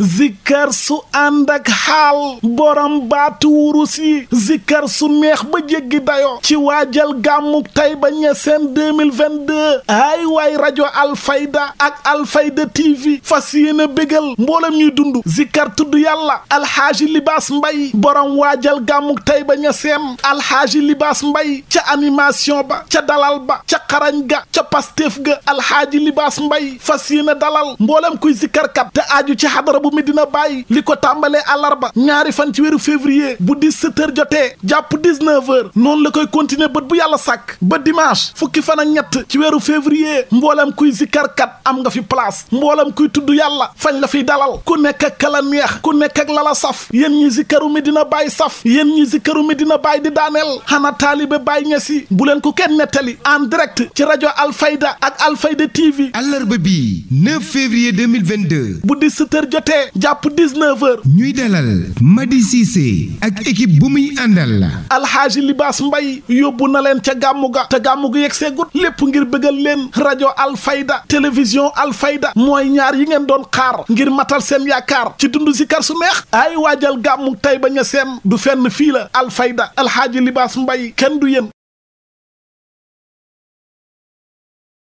zikkar su ànd ak xaal borom baatu wurus yi zikkar su neex ba jéggi dayo ci waajal gàmmuk Tayba Ñaseen 2022 ay waay rajo alfayda ak alfayda tv fa yéen a bégal mboolem ñuy dund zikkar tudd yàlla alxaaji libaas mbay borom waajal gàmmuk Tayba Ñaseen alxaaji libaas mbay ca animation ba ca dalal ba ca xarañ ga ca pasteef ga alxaaji libaas mbay fa yéen a dalal mboolem kuy zikkarkat te aaju ci xadara bu bu Medina Baye li ko tàmbalee àllarba ñaari fan ci weeru février bu 17h jotee jàpp 19h noonu la koy continuer bët bu yàlla sàkk ba dimanche fukki fan ak ñett ci weeru février mboolem kuy zikarkat am nga fi place mboolem kuy tudd yàlla fañ la fiy dalal ku nekk ak kala neex ku nekk ak lala saf yéen ñi zikaru Medina bàyyi saf yéen ñi zikaru Medina Baye di daaneel xanaa taalibe Baye ñesi bu leen ko kenn nettali en direct ci rajo Alfayda ak Alfayda TV. àllarba bi 9 février 2022. bu 17h jotee. jàpp 19 heures ñuy dalal di Cissé ak équipe bu muy àndal la alxaaji libaas mbay yóbbu na leen ca gàmmu ga te gàmmu ga yegg seegut lépp ngir bëggal leen rajo alfayda télévision alfayda mooy ñaar yi ngeen doon xaar ngir matal seen yaakaar ci dund si kar su meex ay waajal gàmmu tey ba ña seem du fenn fii la alfayda alxaaji libaas mbay kenn du yéen